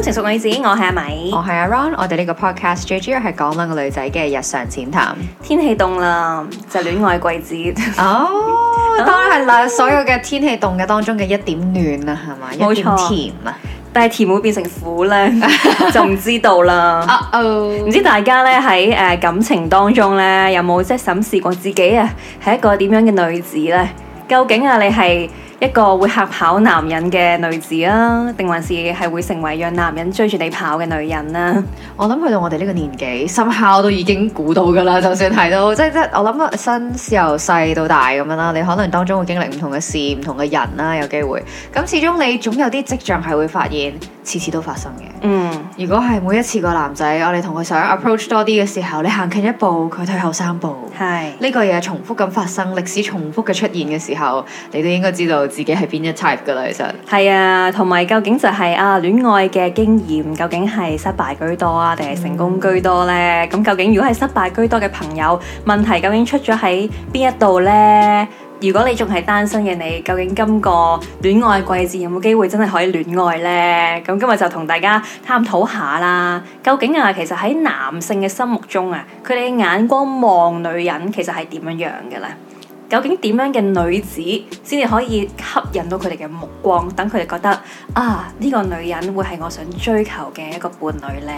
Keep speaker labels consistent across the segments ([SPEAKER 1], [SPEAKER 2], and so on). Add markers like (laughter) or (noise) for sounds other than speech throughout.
[SPEAKER 1] 三成淑女子，我係阿米，我係阿
[SPEAKER 2] Ron，我哋呢個 podcast 最主要係講兩個女仔嘅日常淺談。天氣凍啦，就戀愛季節。 (laughs) 哦，當然係啦，所有嘅天氣凍嘅當中嘅一點暖啊，係嘛？冇錯，甜啊，但係甜會變成苦咧， (laughs) 就唔知道啦。哦、uh，唔
[SPEAKER 1] 知大家咧喺誒感情當中咧，有冇即係審視過自己啊？係一個點樣嘅女子咧？究竟啊，你係？一個會嚇跑男人嘅女子啊，定還是係會成為讓男人追住你跑嘅女人呢？
[SPEAKER 2] 我諗去到我哋呢個年紀，心拋都已經估到噶啦，就算係到，即係我諗啊，身事由細到大咁樣啦，你可能當中會經歷唔同嘅事，唔同嘅人啦，有機會咁，始終你總有啲跡象係會發現，次次都發生嘅。嗯。如果係每一次個男仔，我哋同佢想 approach 多啲嘅時候，你行近一步，佢退後三步，係呢是個嘢重複咁發生，歷史重複嘅出現嘅時候，你都應該知道自己係邊一 type 噶啦，
[SPEAKER 1] 其實係啊，同埋究竟就係啊戀愛嘅經驗，究竟係失敗居多啊，定係成功居多呢？咁、嗯、究竟如果係失敗居多嘅朋友，問題究竟出咗喺邊一度呢？如果你仲係單身嘅，你究竟今個戀愛季節有冇機會真係可以戀愛呢？咁今日就同大家探討下啦。究竟啊，其實喺男性嘅心目中啊，佢哋眼光望女人其實係點樣樣嘅呢？究竟點樣嘅女子先至可以吸引到佢哋嘅目光，等佢哋覺得啊呢個女人會係我想追求嘅一個伴侶呢？」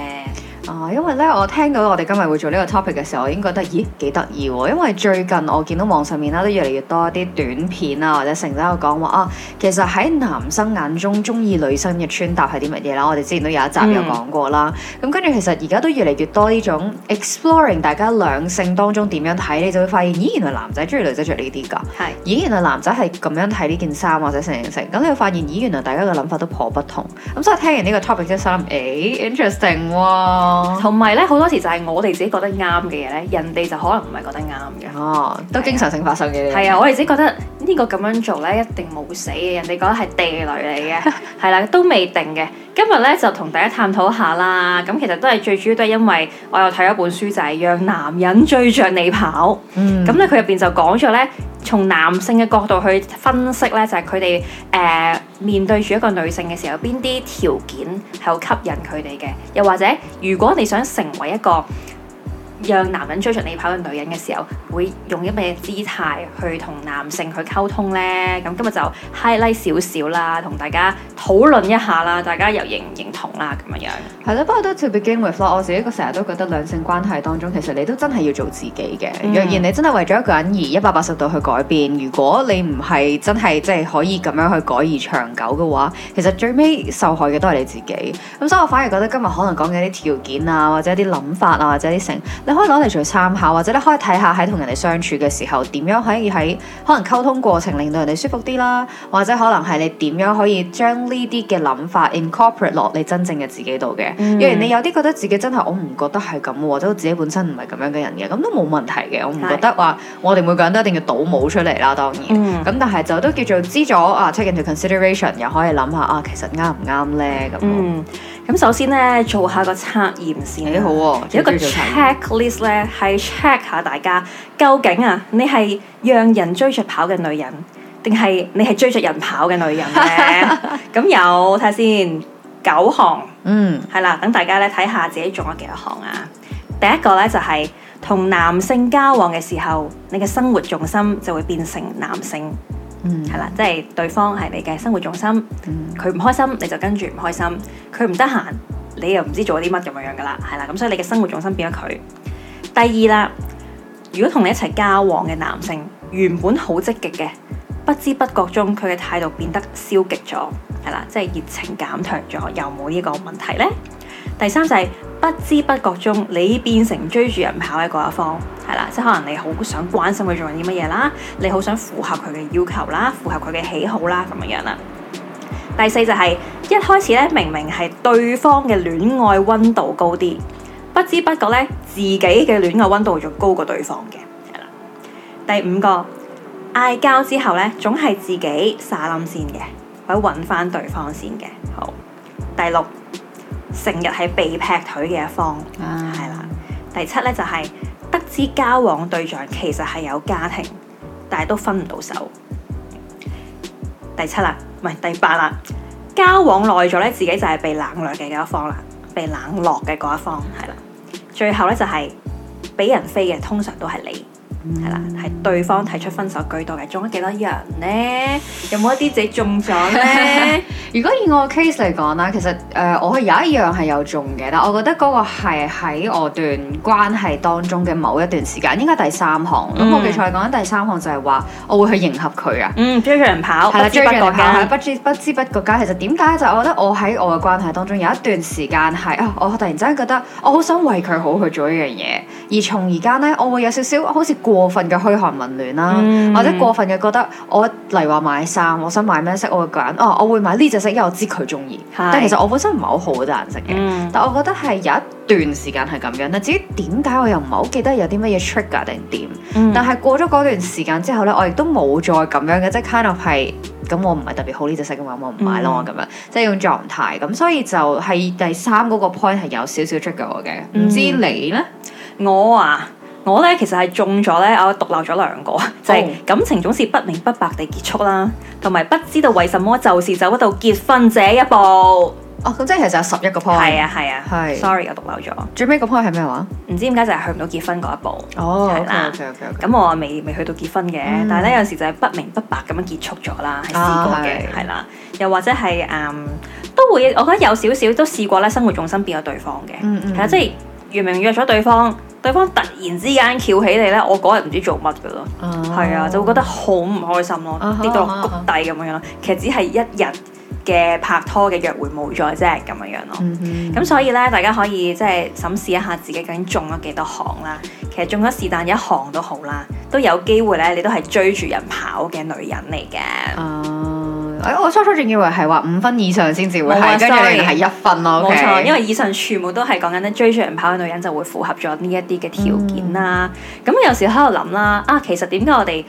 [SPEAKER 2] 啊、哦，因為咧，我聽到我哋今日會做呢個 topic 嘅時候，我已經覺得，咦，幾得意喎。因為最近我見到網上面啦，都越嚟越多一啲短片啊，或者成日都有講話啊，其實喺男生眼中中意女生嘅穿搭係啲乜嘢啦。我哋之前都有一集有講過啦。咁、嗯嗯、跟住其實而家都越嚟越多呢種 exploring 大家兩性當中點樣睇，你就會發現，咦，原來男仔中意女仔着呢啲㗎。係的，咦，原來男仔係咁樣睇呢件衫或者成成成咁，你會發現，咦，原來大家嘅諗法都頗不同。咁所以聽完呢個 topic 之後，心諗，咦 interesting 同埋咧，好多時就係我哋自己覺得啱嘅嘢咧，人哋就可能唔係覺得啱嘅。哦，都經常性發生嘅嘢。係啊，我哋
[SPEAKER 1] 自己覺得呢個咁樣做咧一定冇死嘅，人哋覺得係地雷嚟嘅，係啦，都未定嘅。今日咧就同大家探討下啦。咁其實都係最主要都係因為我又睇咗本書，就係《讓男人追着你跑》。嗯。咁咧，佢入邊就講咗咧，從男性嘅角度去分析咧，就係佢哋誒。面對住一個女性嘅時候，邊啲條件係好吸引佢哋嘅？又或者，如果你想成為一個……讓男人追著你跑嘅女人嘅時候，會用一啲咩姿態去同男性去溝通呢？咁今日就 highlight 少少啦，同大家討論一下啦，大家又認唔認同啦？咁樣樣
[SPEAKER 2] 係咯，不過都 to begin with 咯。我自己成日都覺得兩性關係當中，其實你都真係要做自己嘅。若然你真係為咗一個人而一百八十度去改變，如果你唔係真係即係可以咁樣去改而長久嘅話，其實最尾受害嘅都係你自己。咁所以我反而覺得今日可能講嘅啲條件啊，或者啲諗法啊，或者啲成。你可以攞嚟做參考，或者你可以睇下喺同人哋相處嘅時候，點樣可以喺可能溝通過程令到人哋舒服啲啦，或者可能係你點樣可以將呢啲嘅諗法 incorporate 落你真正嘅自己度嘅。嗯、若然你有啲覺得自己真係我唔覺得係咁喎，或者自己本身唔係咁樣嘅人嘅，咁都冇問題嘅。我唔覺得話我哋每個人都一定要倒模出嚟啦，當然。咁、嗯、但係就都叫做知咗啊 take into consideration 又可以諗下啊，其實啱唔啱咧咁。咁首先咧，做下個測
[SPEAKER 1] 驗先，幾、欸、好喎、哦。有一個 checklist 咧，係 check 下大家究竟啊，你係讓人追着跑嘅女人，定係你係追着人跑嘅女人咧？咁 (laughs) (laughs) 有睇下先，九項，嗯，係啦。等大家咧睇下自己中咗幾多項啊。第一個咧就係、是、同男性交往嘅時候，你嘅生活重心就會變成男性。嗯，係啦、mm.，即、就、係、是、對方係你嘅生活重心，佢唔、mm. 開心你就跟住唔開心，佢唔得閒你又唔知做啲乜咁樣樣噶啦，係啦，咁所以你嘅生活重心變咗佢。第二啦，如果同你一齊交往嘅男性原本好積極嘅，不知不覺中佢嘅態度變得消極咗，係啦，即係熱情減退咗，又有冇呢個問題呢？第三就係。不知不覺中，你變成追住人跑嘅嗰一方，係啦，即係可能你好想關心佢做緊啲乜嘢啦，你好想符合佢嘅要求啦，符合佢嘅喜好啦，咁樣樣啦。第四就係一開始咧，明明係對方嘅戀愛溫度高啲，不知不覺咧自己嘅戀愛溫度就高過對方嘅，係啦，第五個，嗌交之後咧，總係自己撒冧先嘅，或者搵翻對方先嘅。好，第六。成日係被劈腿嘅一方，係啦、啊。第七咧就係、是、得知交往對象其實係有家庭，但係都分唔到手。第七啦，唔係，第八啦。交往耐咗咧，自己就係被冷落嘅嗰一方啦，被冷落嘅嗰一方係啦。最後咧就係、是、俾人飛嘅，通常都係你。係啦，係
[SPEAKER 2] 對方提出分手舉動，幾多嘅中咗幾多樣呢？有冇一啲自己中咗呢？ (laughs) 如果以我嘅 case 嚟講啦，其實誒、呃，我有一樣係有中嘅，但我覺得嗰個係喺我段關係當中嘅某一段時間，應該第三項。咁、嗯、我記錯、講緊第三項就係話，我會去迎合佢啊。嗯，
[SPEAKER 1] 追著人跑，係啦的，不知不覺，
[SPEAKER 2] 不知不知不覺間，其實點解就係、是、我覺得我喺我嘅關係當中有一段時間係啊，我突然之間覺得我好想為佢好去做一樣嘢，而從而家呢，我會有少少好似。過分嘅虛寒混亂啦，嗯、或者過分嘅覺得我例如話買衫，我想買咩色，我會揀哦、啊，我會買呢隻色，因為我知佢鍾意。是但其實我本身唔係好好嗰啲顏色嘅，嗯、但我覺得係有一段時間係咁樣。但至於點解，我又唔係好記得有啲乜嘢 trigger 定點。嗯、但係過咗嗰段時間之後咧，我亦都冇再咁樣嘅，即係 kind of 係咁。我唔係特別好呢隻色嘅話，我唔買咯咁樣，即係呢種狀態。咁所以就係第三嗰個 point 係有少少 trigger 我嘅。唔、嗯、知你咧，我啊？我咧，其實係中咗咧，我讀漏咗
[SPEAKER 1] 兩個，就係、是、感情總是不明不白地結束啦，同埋不知道為什麼就是走不到結婚這一步。哦、咁、嗯、即係其實有十一個 point。係啊係啊，係、啊。是 Sorry，我讀漏咗。最尾個 point 係咩話？唔知點解就係去唔到結婚嗰一步。哦、oh, okay, okay,
[SPEAKER 2] okay, okay.，
[SPEAKER 1] 係啦。咁我未未去到結婚嘅，嗯、但係咧有時就係不明不白咁樣結束咗啦，係試過嘅，係啦、啊啊啊。又或者係誒、嗯，都會，我覺得有少少都試過咧，生活重心變咗對方嘅、嗯，嗯嗯，係啦、啊，即、就、係、是。明明約咗對方，對方突然之間翹起你呢，我嗰日唔知做乜嘅咯，係、uh huh. 啊，就會覺得好唔開心咯，跌、uh huh. 到谷底咁樣樣咯。Uh huh. 其實只係一日嘅拍拖嘅約會冇咗啫，咁樣樣咯。咁、huh. 所以呢，大家可以即係審視一下自己究竟中咗幾多行啦。其實中咗是但一行都好啦，都有機會呢，你都係追住人跑嘅女人嚟嘅。Uh huh.
[SPEAKER 2] 哎、我初初仲以為係話五分以上先至會係，跟住係一分咯。okay? 冇錯，因為以
[SPEAKER 1] 上全部都係講緊咧，追住人跑嘅女人就會符合咗呢一啲嘅條件啦。咁、嗯、有時喺度諗啦，啊，其實點解我哋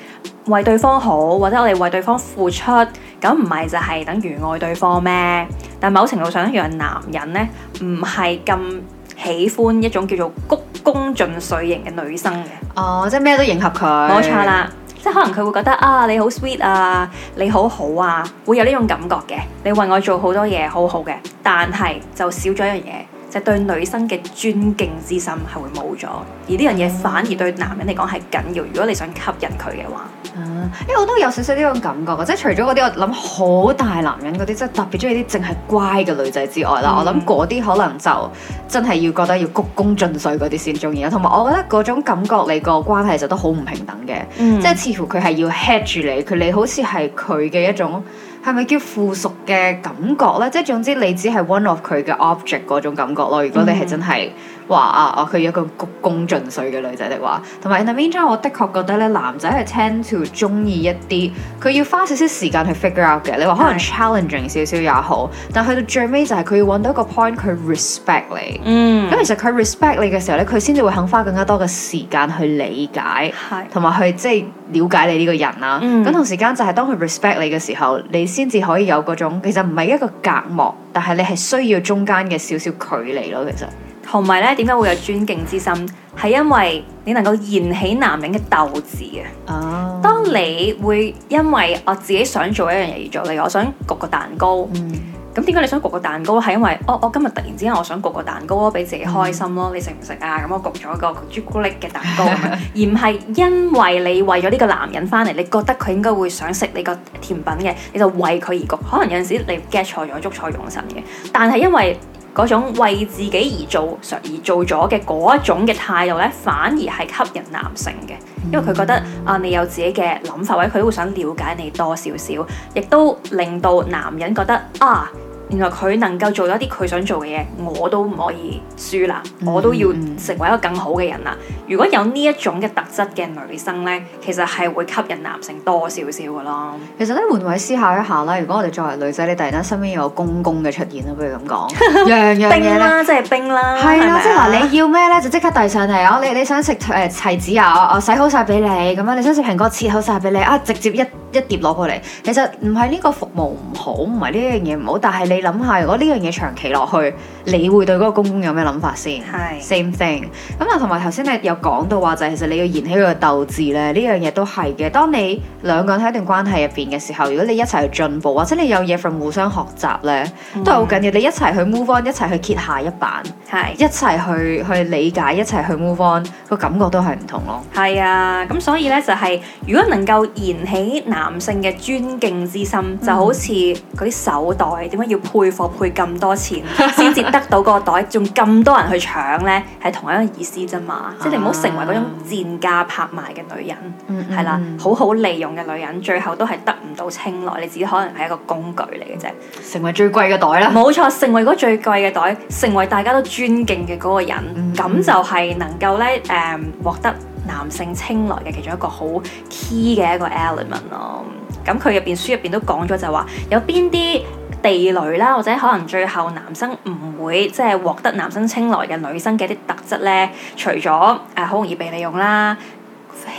[SPEAKER 1] 為對方好，或者我哋為對方付出，咁唔係就係等於愛對方咩？但某程度上，一樣男人咧唔係咁喜歡一種叫做鞠躬盡瘁型嘅女生
[SPEAKER 2] 嘅。哦，即係咩都迎合佢，冇錯啦。
[SPEAKER 1] 即可能佢會覺得啊，你好 sweet 啊，你好好啊，會有呢種感覺嘅，你為我做好多嘢，好好嘅，但係就少咗一樣嘢。就對女生嘅尊敬之心係會冇咗，而呢樣嘢反而對男人嚟講係緊要。如果你想吸
[SPEAKER 2] 引佢嘅話，嗯，因、欸、為我都有少少呢種感覺嘅，即係除咗嗰啲我諗好大男人嗰啲，即係特別中意啲淨係乖嘅女仔之外啦，嗯、我諗嗰啲可能就真係要覺得要鞠躬盡瘁嗰啲先中意啦。同埋我覺得嗰種感覺你個關係就都好唔平等嘅，嗯、即係似乎佢係要 hedge 住你，佢你好似係佢嘅一種。係咪叫附屬嘅感覺呢？即係總之，你只係 one of 佢嘅 object 嗰種感覺咯。如果你係真係，嗯話啊，我、啊、佢一個鞠躬盡瘁嘅女仔的話，同埋 interview，我的確覺得咧，男仔係 tend to 中意一啲佢要花少少時間去 figure out 嘅。你話可能 challenging 少少也好，但去到最尾就係佢要揾到一個 point，佢 respect 你。咁、嗯、其實佢 respect 你嘅時候咧，佢先至會肯花更加多嘅時間去理解，同埋是去即係了解你呢個人啦、啊。咁、嗯、同時間就係當佢 respect 你嘅時候，你先至可以有嗰種其實唔係一個隔膜，但係你係需要中間嘅少少距離咯。其實。同埋
[SPEAKER 1] 咧，點解會有尊敬之心？係因為你能夠燃起男人嘅鬥志嘅。哦，oh。當你會因為我自己想做一樣嘢而做，例如我想焗個蛋糕。嗯，咁點解你想焗個蛋糕？係因為我、哦、我今日突然之間我想焗個蛋糕俾自己開心咯。Mm。你食唔食啊？咁、嗯、我焗咗個朱古力嘅蛋糕，是是 (laughs) 而唔係因為你為咗呢個男人翻嚟，你覺得佢應該會想食你個甜品嘅，你就為佢而焗。可能有陣時你 get 錯咗捉錯、捉錯用神嘅，但係因為。嗰種為自己而做，而做咗嘅嗰一種嘅態度呢，反而係吸引男性嘅，因為佢覺得啊，你有自己嘅諗法，位佢都會想了解你多少少，亦都令到男人覺得啊。原來佢能夠做到一啲佢想做嘅嘢，我都唔可以輸啦，我都要成為一個更好嘅人啦。嗯、如果有呢一種嘅特質嘅女生呢，其實係會吸引男性多少少嘅咯。
[SPEAKER 2] 其實咧，換位思考一下啦，如果我哋作為女仔，你突然間身邊有公公嘅出現啦，不如咁講， (laughs) 樣樣嘢咧即係
[SPEAKER 1] 冰啦，係啦，即係嗱，你
[SPEAKER 2] 要咩呢？就即刻遞上嚟啊、oh！你你想食誒齊子啊，我洗好晒俾你咁樣，你想食蘋果切好晒俾你啊，直接一，一碟攞過嚟，其實唔係呢個服務唔好，唔係呢樣嘢唔好，但係你諗下，如果呢樣嘢長期落去。你會對嗰個公公有咩諗法先？係是。Same thing。咁啊，同埋頭先你有講到話就係，其實你要燃起佢嘅鬥志咧，呢樣嘢都係嘅。當你兩個人喺一段關係入邊嘅時候，如果你一齊去進步，或者你有嘢從互相學習咧，都係好緊要。嗯、你一齊去 move on，一齊去揭下一版，係是一齊去去理解，一齊去 move on，個感覺都係唔同咯。
[SPEAKER 1] 係啊，咁所以咧就係、是，如果能夠燃起男性嘅尊敬之心，嗯、就好似嗰啲手袋，點解要配貨配咁多錢先至？得到個袋仲咁多人去搶呢，係同一個意思啫嘛。啊、即係你唔好成為嗰種賤價拍賣嘅女人，
[SPEAKER 2] 係、嗯嗯、啦，
[SPEAKER 1] 好好利用嘅女人，最後都係得唔到青睞，你自己可能係一個工具嚟嘅啫。成為最貴嘅袋啦，冇錯，成為嗰最貴嘅袋，成為大家都尊敬嘅嗰個人，咁、嗯、就係能夠呢，誒、呃、獲得男性青睞嘅其中一個好 key 嘅一個 element 咯。咁佢入邊書入邊都講咗就話有邊啲。地雷啦，或者可能最後男生唔會即係獲得男生青睞嘅女生嘅一啲特質呢，除咗誒好容易被利用啦，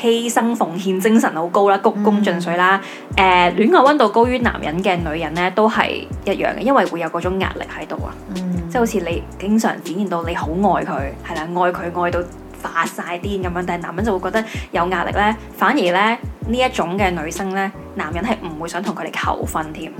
[SPEAKER 1] 犧牲奉獻精神好高啦，鞠躬盡瘁啦，誒、嗯呃、戀愛溫度高於男人嘅女人呢，都係一樣嘅，因為會有嗰種壓力喺度啊，嗯、即係好似你經常展現到你好愛佢，係啦，愛佢愛到發晒癲咁樣，但係男人就會覺得有壓力呢。反而呢，呢一種嘅女生呢，男人係唔會想同佢哋求婚添。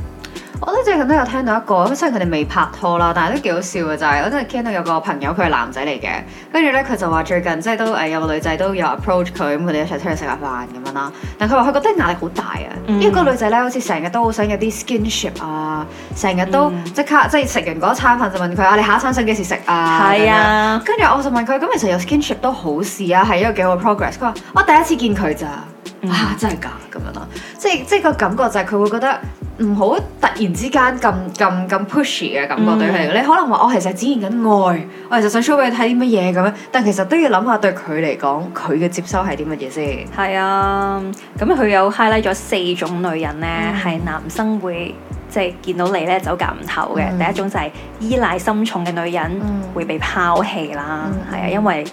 [SPEAKER 2] 我都最近都有聽到一個，雖然佢哋未拍拖啦，但係都幾好笑嘅就係，我真係聽到有個朋友佢係男仔嚟嘅，跟住咧佢就話最近即係都誒有個女仔都有 approach 佢，咁佢哋一齊出去食下飯咁樣啦。但佢話佢覺得壓力好大啊，因為個女仔咧好似成日都好想有啲 skinship 啊，成日都即刻即係食完嗰餐飯就問佢啊，你下一餐想幾時食啊？係啊。跟住我就問佢，咁其實有 skinship 都好事啊，係一個幾好嘅 progress。佢話我第一次見佢咋，啊真係㗎咁樣咯，即係即係個感覺就係佢會覺得。唔好突然之間咁咁咁 pushy 嘅感覺對佢，嗯、你可能話我其實展現緊愛，我其實想 show 俾你睇啲乜嘢咁樣，但其實都要諗下對佢嚟講，佢嘅接收係啲乜嘢先。
[SPEAKER 1] 係啊，咁佢有 highlight 咗四種女人呢，係、嗯、男生會即係、就是、見到你呢走夾唔唞嘅。嗯、第一種就係依賴心重嘅女人會被拋棄啦，係、嗯、啊，因為。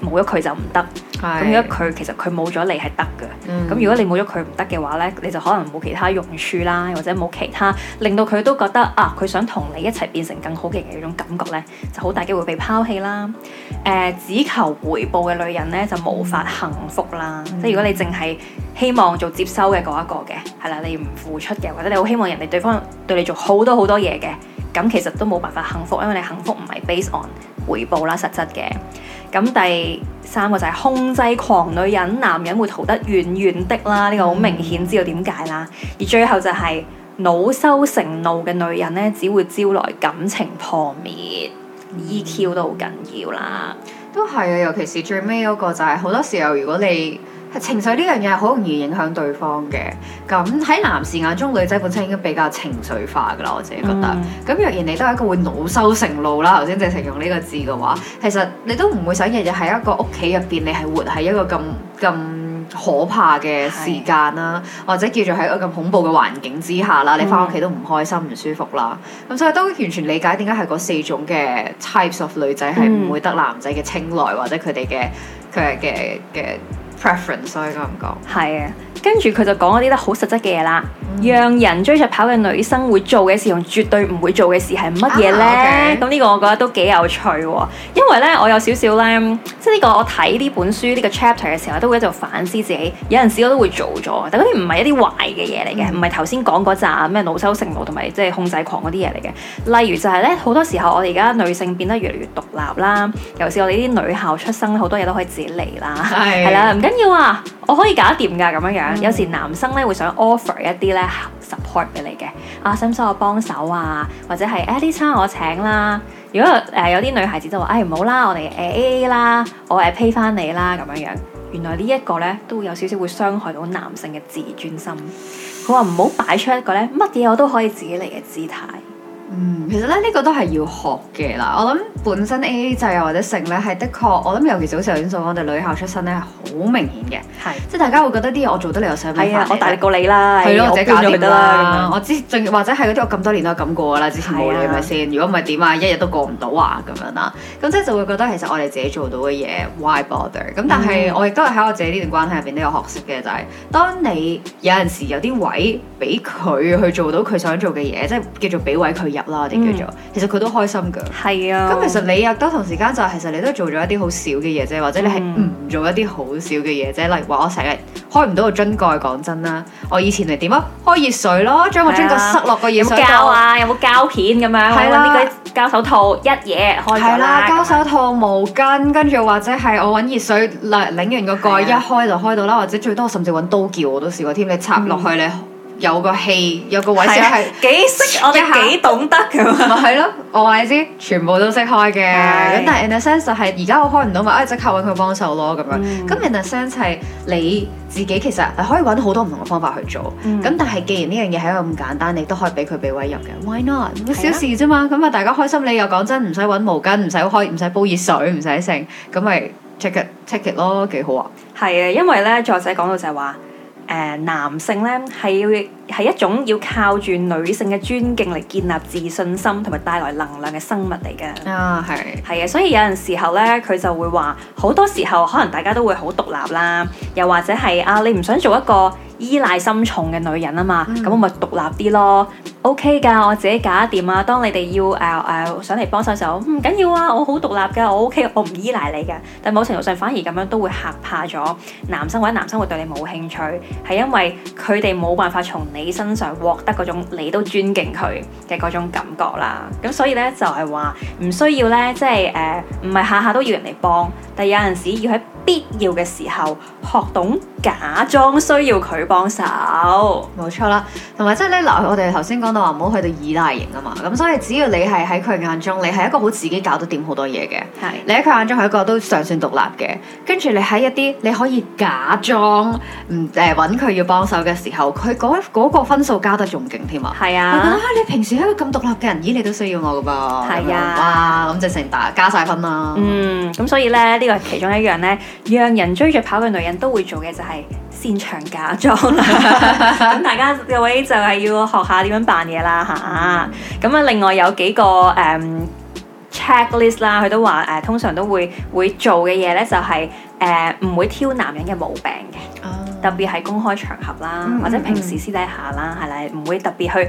[SPEAKER 1] 冇咗佢就唔得，咁的如果佢其實佢冇咗你係得嘅，咁、嗯、如果你冇咗佢唔得嘅話呢，你就可能冇其他用處啦，或者冇其他令到佢都覺得啊，佢想同你一齊變成更好嘅嗰種感覺呢，就好大機會被拋棄啦。誒、呃，只求回報嘅女人呢，就無法幸福啦。嗯、即係如果你淨係希望做接收嘅嗰一個嘅，係啦，你唔付出嘅，或者你好希望人哋對方對你做好多好多嘢嘅，咁其實都冇辦法幸福，因為你幸福唔係 based on 回報啦，實質嘅。咁第三個就係控制狂女人，男人會逃得遠遠的啦，呢、這個好明顯，知道點解啦。嗯、而最後就係、是、惱羞成怒嘅女人呢，只會招來感情破滅、嗯、，EQ 都好緊要啦。
[SPEAKER 2] 都係啊，尤其是最尾嗰個就係好多時候，如果你。情緒呢樣嘢係好容易影響對方嘅，咁喺男士眼中，女仔本身應該比較情緒化噶啦，我自己覺得。咁、嗯、若然你都係一個會惱羞成怒啦，頭先淨係用呢個字嘅話，其實你都唔會想日日喺一個屋企入邊，你係活喺一個咁咁可怕嘅時間啦，是或者叫做喺一個咁恐怖嘅環境之下啦，嗯、你返屋企都唔開心唔舒服啦。咁所以都可以完全理解點解係嗰四種嘅 types of 女仔係唔會得男仔嘅青睞，嗯、或者佢哋嘅佢嘅嘅。Preference，
[SPEAKER 1] 所以咁講。係啊，跟住佢就講一啲得好實質嘅嘢啦，mm. 讓人追着跑嘅女生會做嘅事同絕對唔會做嘅事係乜嘢咧？咁呢、ah, okay. 呢個我覺得都幾有趣喎，因為呢，我有少少呢，即係呢個我睇呢本書呢、呢個 chapter 嘅時候，都會一路反思自己，有陣時我都會做咗，但嗰啲唔係一啲壞嘅嘢嚟嘅，唔係頭先講嗰陣咩惱羞成怒同埋即係控制狂嗰啲嘢嚟嘅。例如就係呢，好多時候我哋而家女性變得越嚟越獨立啦，尤其我哋啲女校出生，好多嘢都可以自己嚟啦，係啦，要啊，我可以搞掂噶咁樣樣。嗯、有時男生咧會想 offer 一啲咧 support 俾你嘅，啊，需唔需要我幫手啊？或者係誒，呢餐我請啦。如果誒、呃、有啲女孩子就話，哎唔好啦，我哋誒 AA 啦，我誒 pay 翻你啦咁樣樣。原來呢一個咧都會有少少會傷害到
[SPEAKER 2] 男性嘅自尊心。佢話唔好擺出一個咧乜嘢我都可以自己嚟嘅姿態。嗯，其實咧呢、這個都係要學嘅啦。我諗本身 AA 制啊或者性咧係的確，我諗尤其是好似我先所講，我哋女校出身咧係好明顯嘅，係是即係大家會覺得啲嘢我做得你又想，係啊，我大力過你啦，係咯、欸，搞掂得啦。我之仲或者係嗰啲我咁樣多年都咁過噶啦，之前冇係咪先？啊、如果唔係點啊，一日都過唔到啊咁樣啦。咁即係就會覺得其實我哋自己做到嘅嘢，why bother？咁、嗯、但係我亦都係喺我自己呢段關係入邊都有學識嘅、就是，就係當你有陣時有啲位俾佢去做到佢想做嘅嘢，即係叫做俾位佢有啦，啲叫做，其實佢都開心噶，係啊。咁其實你又都同時間就，其實你都做咗一啲好少嘅嘢啫，或者你係唔做一啲好少嘅嘢啫，嗯、例如話我成日開唔到個樽蓋，講真啦，我以前係點啊？開熱水咯，將個樽蓋塞落個熱水，有冇膠啊？
[SPEAKER 1] 有冇膠、啊、片咁樣？係啦、啊，膠手套一嘢開。係啦、啊，膠
[SPEAKER 2] 手套、毛巾，跟住或者係我搵熱水嚟擰完個蓋，啊、一開就開到啦。或者最多甚至搵刀撬我都試過添，你插落去你。嗯有個氣有個位置係幾識，我哋幾
[SPEAKER 1] 懂得嘅嘛咪
[SPEAKER 2] 係咯，我話你知，全部都識開嘅。咁的但係 in a sense 就係而家我開唔到嘛，我即刻揾佢幫手咯咁樣。咁 in a sense 係你自己其實可以揾好多唔同嘅方法去做。咁、嗯、但係既然呢樣嘢係咁簡單，你都可以俾佢俾位入嘅，why not？小事啫嘛。咁啊，大家開心，你又講真，唔使揾毛巾，唔使開，唔使煲熱水，唔使剩，咁咪 check it check it 咯，幾好啊！係啊，因為咧作者講到就係話。
[SPEAKER 1] 誒、呃，男性咧係要。係一種要靠住女性嘅尊敬嚟建立自信心同埋帶來能量嘅生物嚟嘅啊，係係啊，所以有陣時候咧佢就會話，好多時候可能大家都會好獨立啦，又或者係啊你唔想做一個依賴心重嘅女人啊嘛，咁、mm hmm. 我咪獨立啲咯，OK 噶，我自己搞掂啊，當你哋要誒誒、呃呃、想嚟幫手嘅時候，唔緊要啊，我好獨立噶，我 OK，我唔依賴你噶。但某程度上反而咁樣都會嚇怕咗男生，或者男生會對你冇興趣，係因為佢哋冇辦法從你身上獲得嗰種你都尊敬佢嘅嗰種感覺啦，咁所以呢，就係話唔需要呢，即係誒，唔係下下都要人嚟幫，但有陣時要喺必要嘅時候學懂假裝需
[SPEAKER 2] 要佢幫手，冇錯啦。同埋即係咧，我哋頭先講到話唔好去到依賴型啊嘛，咁所以只要你係喺佢眼中，你係一個好自己搞得掂好多嘢嘅，係的你喺佢眼中係一個都尚算獨立嘅，跟住你喺一啲你可以假裝唔揾佢要幫手嘅時候，佢一、嗰個嗰個分數加得仲勁添啊！係啊，你平時係一個咁獨立嘅人，咦，你都需要我噶噃。係啊，哇，咁直情打加晒分啦。
[SPEAKER 1] 嗯，咁所以咧，呢、呢個係其中一樣咧，讓人追着跑嘅女人都會做嘅就係擅長假裝啦。咁 (laughs) (laughs) 大家各位就係要學下點樣扮嘢啦嚇。咁啊、嗯，另外有幾個誒 checklist 啦，佢、um, 都話誒、uh, 通常都會會做嘅嘢咧就係誒唔會挑男人嘅毛病嘅。Uh, 特別喺公開場合啦，嗯、或者平時私底下啦，係咪唔會特別去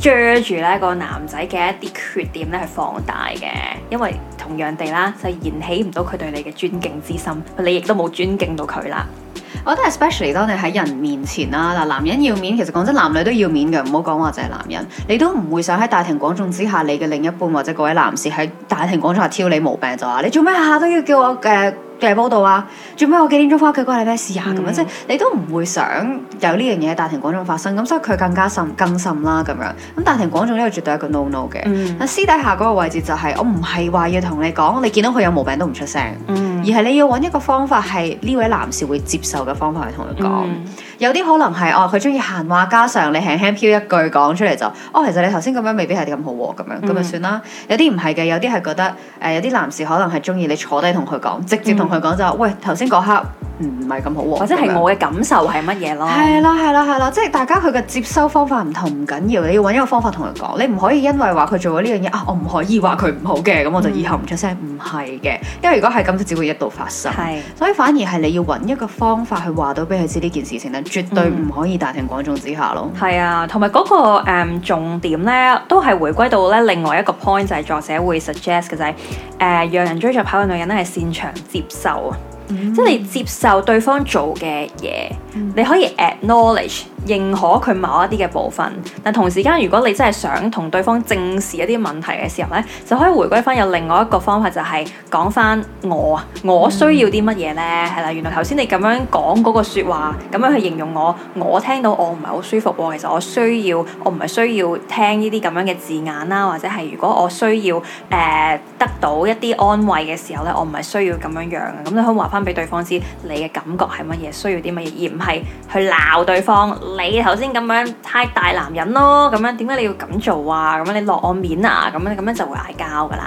[SPEAKER 1] 遮住呢個男仔嘅一啲缺點呢，去放大嘅？因為同樣地啦，就燃起唔到
[SPEAKER 2] 佢對你嘅尊敬之心，你亦都冇尊敬到佢啦。我覺得 especially 當你喺人面前啦，嗱，男人要面，其實講真，男女都要面嘅。唔好講話就係男人，你都唔會想喺大庭廣眾之下，你嘅另一半或者各位男士喺大庭廣眾下挑你毛病就話，你做咩下都要叫我誒？呃記者報道啊！做咩我幾點鐘翻屋企關你咩事啊？咁、嗯、樣即係你都唔會想有呢樣嘢喺大庭廣眾發生，咁所以佢更加甚、更甚啦咁樣。咁大庭廣眾呢個絕對係一個 no no 嘅。嗯、但私底下嗰個位置就係、是、我唔係話要同你講，你見到佢有毛病都唔出聲，嗯、而係你要揾一個方法係呢位男士會接受嘅方法去同佢講。嗯嗯有啲可能係哦，佢中意閒話家常，你輕輕飄一句講出嚟就哦，其實你頭先咁樣未必係咁好喎，咁樣咁、嗯、就算啦。有啲唔係嘅，有啲係覺得誒、呃，有啲男士可能係中意你坐低同佢講，直接同佢講就、嗯、喂，頭先嗰刻。唔係咁好，或者係我嘅感受係乜嘢咯？係啦，係啦，係啦，即係大家佢嘅接收方法唔同唔緊要，你要揾一個方法同佢講，你唔可以因為話佢做咗呢樣嘢啊，我唔可以話佢唔好嘅，咁我就以後唔出聲。唔係嘅，因為如果係咁，就只會一度發生。係，所以反而係你要揾一個方法去話到俾佢知呢件事情，但係絕對唔可以大庭廣眾之下咯。
[SPEAKER 1] 係啊，同埋嗰個誒重點呢，都係回歸到呢另外一個 point 就係作者會 suggest 嘅就係誒，讓人追着跑嘅女人呢係擅長接受啊。即係你接受對方做嘅嘢，你可以 acknowledge 認可佢某一啲嘅部分。但同時間如果你真係想同對方正視一啲問題嘅時候咧，就可以回歸翻有另外一個方法，就係講翻我，啊，我需要啲乜嘢咧？係啦，原來頭先你咁樣講個說話，話，咁樣去形容我，我聽到我唔係好舒服喎。其實我需要，我唔係需要聽呢啲咁樣嘅字眼啦，或者係如果我需要誒、呃、得到一啲安慰嘅時候咧，我唔係需要咁樣樣嘅。咁你可以話翻俾對方知你嘅感覺係乜嘢，需要啲乜嘢，而唔係去鬧對方。你頭先咁樣太大男人咯，咁樣點解你要咁做啊？咁樣你
[SPEAKER 2] 落我面啊！咁樣咁樣就會嗌交㗎喇。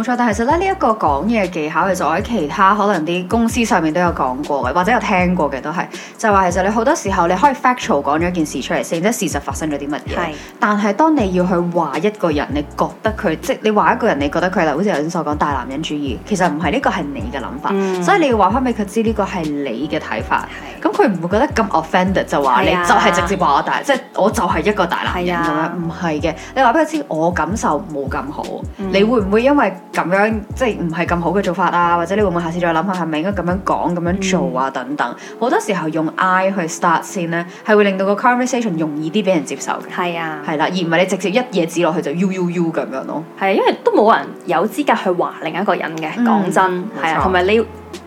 [SPEAKER 2] 冇錯，但係其實咧，呢一個講嘢技巧，其實我喺其他可能啲公司上面都有講過嘅，或者有聽過嘅都係，就話其實你好多時候你可以 factual 講咗一件事出嚟，先即事實發生咗啲乜嘢。是但係當你要去話一個人，你覺得佢，即你話一個人，你覺得佢，好似頭先所講大男人主義，其實唔係，呢個係你嘅諗法，嗯、所以你要話翻俾佢知呢個係你嘅睇法。咁佢唔會覺得咁 offended，就話你就係直接話我大，即係、啊、我就係一個大男人。唔係嘅，你話俾佢知我感受冇咁好，嗯、你會唔會因為？咁樣即係唔係咁好嘅做法啊？或者你會唔會下次再諗下，係咪應該咁樣講、咁樣做啊？等等，好、嗯、多時候用 I 去 start 先咧，係會令到個 conversation 容易啲俾人接受嘅。係是啊，係啦，而唔係你直接一嘢指落去就 U U U 咁樣咯。係啊，因為都冇人有資格去話另一個人嘅，講、嗯、真係啊，同埋
[SPEAKER 1] 你。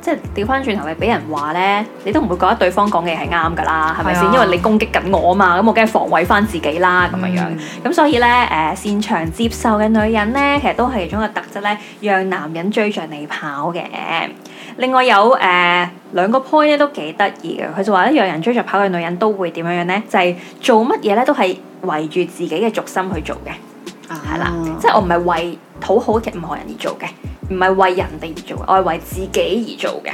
[SPEAKER 1] 即係掉翻轉頭，嚟俾人話咧，你都唔會覺得對方講嘅嘢係啱噶啦，係咪先？因為你攻擊緊我啊嘛，咁我梗係防衛翻自己啦，咁樣、嗯、樣。咁所以咧，誒、呃，擅長接受嘅女人咧，其實都係其中個特質咧，讓男人追着你跑嘅。另外有誒兩、呃、個 point 咧都幾得意嘅，佢就話咧，讓人追着跑嘅女人都會點樣樣咧？就係、是、做乜嘢咧都係圍住自己嘅軸心去做嘅，係啦、啊，即係我唔係為討好任何人而做嘅。唔係為人哋而做，我係為自己而做嘅。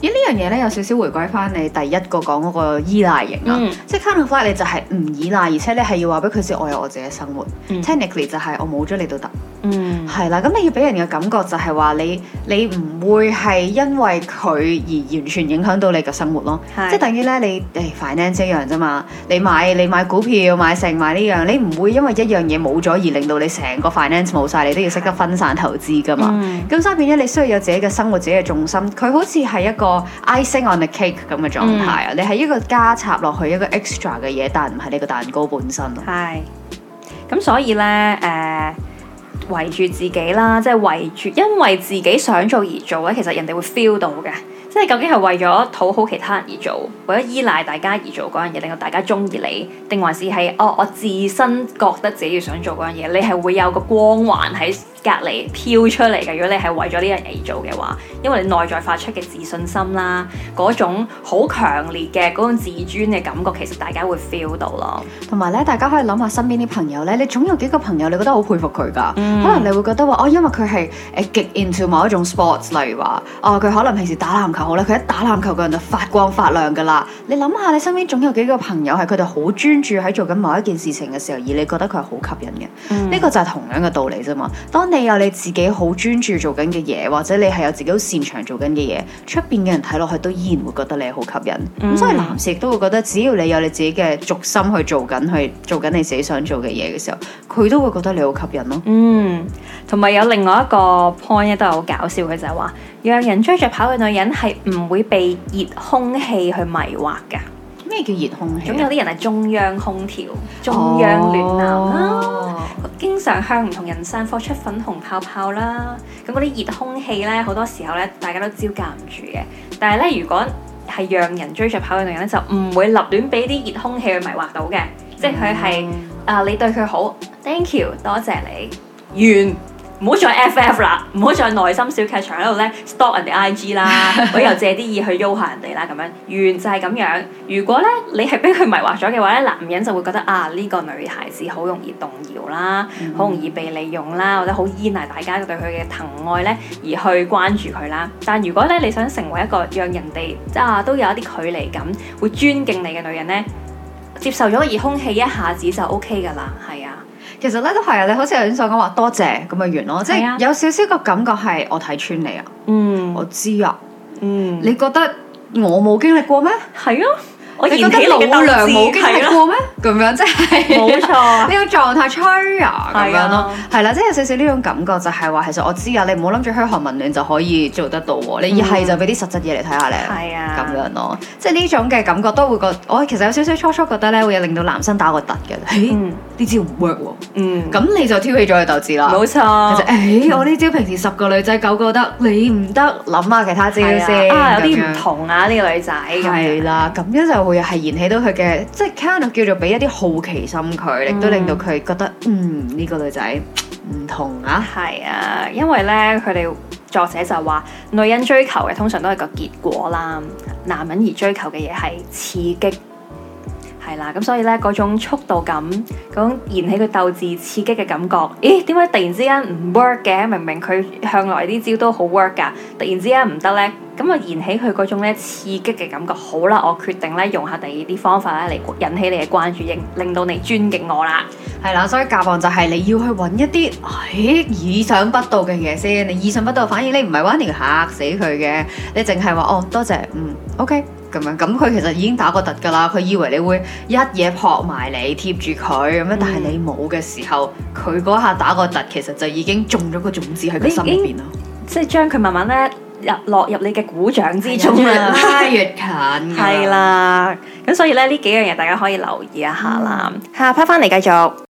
[SPEAKER 2] 咦？呢樣嘢咧有少少回歸翻你第一個講嗰個依賴型啦，嗯、即係 couple f 你就係唔依賴，而且你係要話俾佢知我有我自己嘅生活。嗯、Technically 就係我冇咗你都得。嗯，係啦，咁你要俾人嘅感覺就係話你你唔會係因為佢而完全影響到你嘅生活咯，的即係等於咧，你誒 finance 呢樣啫嘛，你買你買股票買成買呢樣，你唔會因為一樣嘢冇咗而令到你成個 finance 冇晒，你都要識得分散投資噶嘛。咁、嗯、所以變咗你需要有自己嘅生活，自己嘅重心。佢好似係一個 icing on the cake 咁嘅狀態啊，嗯、你係一個加插落去一個 extra 嘅嘢，但唔係你個蛋糕本身咯。係，咁所以咧誒。
[SPEAKER 1] 呃圍住自己啦，即係圍住，因為自己想做而做咧，其實人哋會 feel 到嘅。即係究竟係為咗討好其他人而做，為咗依賴大家而做嗰樣嘢，令到大家鍾意你，定還是係哦？我自身覺得自己要想做嗰樣嘢，你係會有個光環喺隔嚟飄出嚟嘅，如果你係為咗呢樣而做嘅話，因為你內在發出嘅自信心啦，嗰種好強烈嘅嗰種自尊嘅感覺，其實大家會 feel 到咯。
[SPEAKER 2] 同埋咧，大家可以諗下身邊啲朋友咧，你總有幾個朋友你覺得好佩服佢噶，嗯、可能你會覺得話哦，因為佢係極 into 某一種 sports，例如話哦，佢可能平時打籃球好咧，佢一打籃球個人就發光發亮噶啦。你諗下，你身邊總有幾個朋友係佢哋好專注喺做緊某一件事情嘅時候，而你覺得佢係好吸引嘅，呢、嗯、個就係同樣嘅道理啫嘛。當你你有你自己好專注做緊嘅嘢，或者你係有自己好擅長做緊嘅嘢，出邊嘅人睇落去都依然會覺得你好吸引。嗯，所以男士都會覺得，只要你有你自己嘅決心去做緊，去做緊你自己想做嘅嘢嘅時候，佢都會覺得你好
[SPEAKER 1] 吸引咯。嗯，同埋有另外一個 point 都係好搞笑嘅，就係話，讓人追着跑嘅女人係唔會被熱空氣去迷惑噶。咩叫熱空氣？咁有啲人係中央空調、中央暖男啦，oh。經常向唔同人散發出粉紅泡泡啦。咁嗰啲熱空氣咧，好多時候咧，大家都招架唔住嘅。但係咧，如果係讓人追着跑嘅女人咧，就唔會立亂俾啲熱空氣去迷惑到嘅。Mm。即係佢係啊，你對佢好，thank you，多謝你完。唔好再 FF 啦，唔好再內心小劇場喺度咧 stalk 人哋 IG 啦，我又 (laughs) 借啲意去喐下人哋啦，咁樣，原就係咁樣。如果咧你係俾佢迷惑咗嘅話咧，男人就會覺得啊呢，這個女孩子好容易動搖啦，好，嗯，容易被利用啦，或者好依賴大家對佢嘅疼愛咧而去關注佢啦。但如果咧你想成為一個讓人哋啊都有一啲距離感，會尊敬你嘅女人咧，接受咗個熱空氣一下子就 OK 噶啦，係啊。
[SPEAKER 2] 其實咧都係啊，你好似頭先所講話多謝咁咪完咯，係啊，即係有少少個感覺係我睇穿你啊，嗯，我知啊，嗯，你覺得我冇經歷過咩？係啊。你覺得老娘冇經歷過咩？咁樣即係冇錯，呢個狀態吹啊咁樣咯，係啦，即係有少少呢種感覺，就係話其實我知啊，你唔好諗住噓寒問暖就可以做得到喎。你一係就俾啲實質嘢嚟睇下你，係啊咁樣咯，即係呢種嘅感覺都會覺，我其實有少少初初覺得咧會令到男生打個突嘅。呢招唔 work 喎，嗯，咁你就挑起咗佢鬥志啦。冇錯，其實誒，我呢招平時十個女仔九個得，你唔得，諗下其他招先啊，有啲唔同啊，呢個女仔。係啦，咁樣就。我又係燃起到佢嘅，即係 kind 叫做俾一啲好奇心佢，亦都令到佢覺得，嗯，呢、嗯呢個女仔唔同啊。係啊，因為
[SPEAKER 1] 咧，佢哋作者就話，女人追求嘅通常都係個結果啦，男人而追求嘅嘢係刺激。係啦、啊，咁所以咧嗰種速度感、嗰種燃起佢鬥志、刺激嘅感覺，咦？點解突然之間唔 work 嘅？明明佢向來啲招都好 work 噶，突然之間唔得咧？咁啊，我燃起佢嗰種咧刺激嘅感覺。好啦，我決定咧用下第二啲方法
[SPEAKER 2] 咧嚟引起你嘅關注，令到你尊敬我啦。係啦，所以夾磅就係你要去揾一啲喺、哎、意想不到嘅嘢先。你意想不到，反而你唔係温你嚇死佢嘅，你淨係話哦，多謝嗯，OK 咁樣。咁佢其實已經打過突噶啦，佢以為你會一嘢撲埋你貼住佢咁樣，但係你冇嘅時候，佢嗰下打過突，其實就已經種咗個種子喺佢心裏邊囉。即係將佢慢慢咧。落
[SPEAKER 1] 入你嘅鼓掌之中、 (noise) 嗯、越拉越近、 (laughs) 嗯。係啦，咁、 (noise) 嗯 (noise) 嗯、所以咧呢幾樣嘢大家可以留意一下啦。下 part 翻嚟繼續。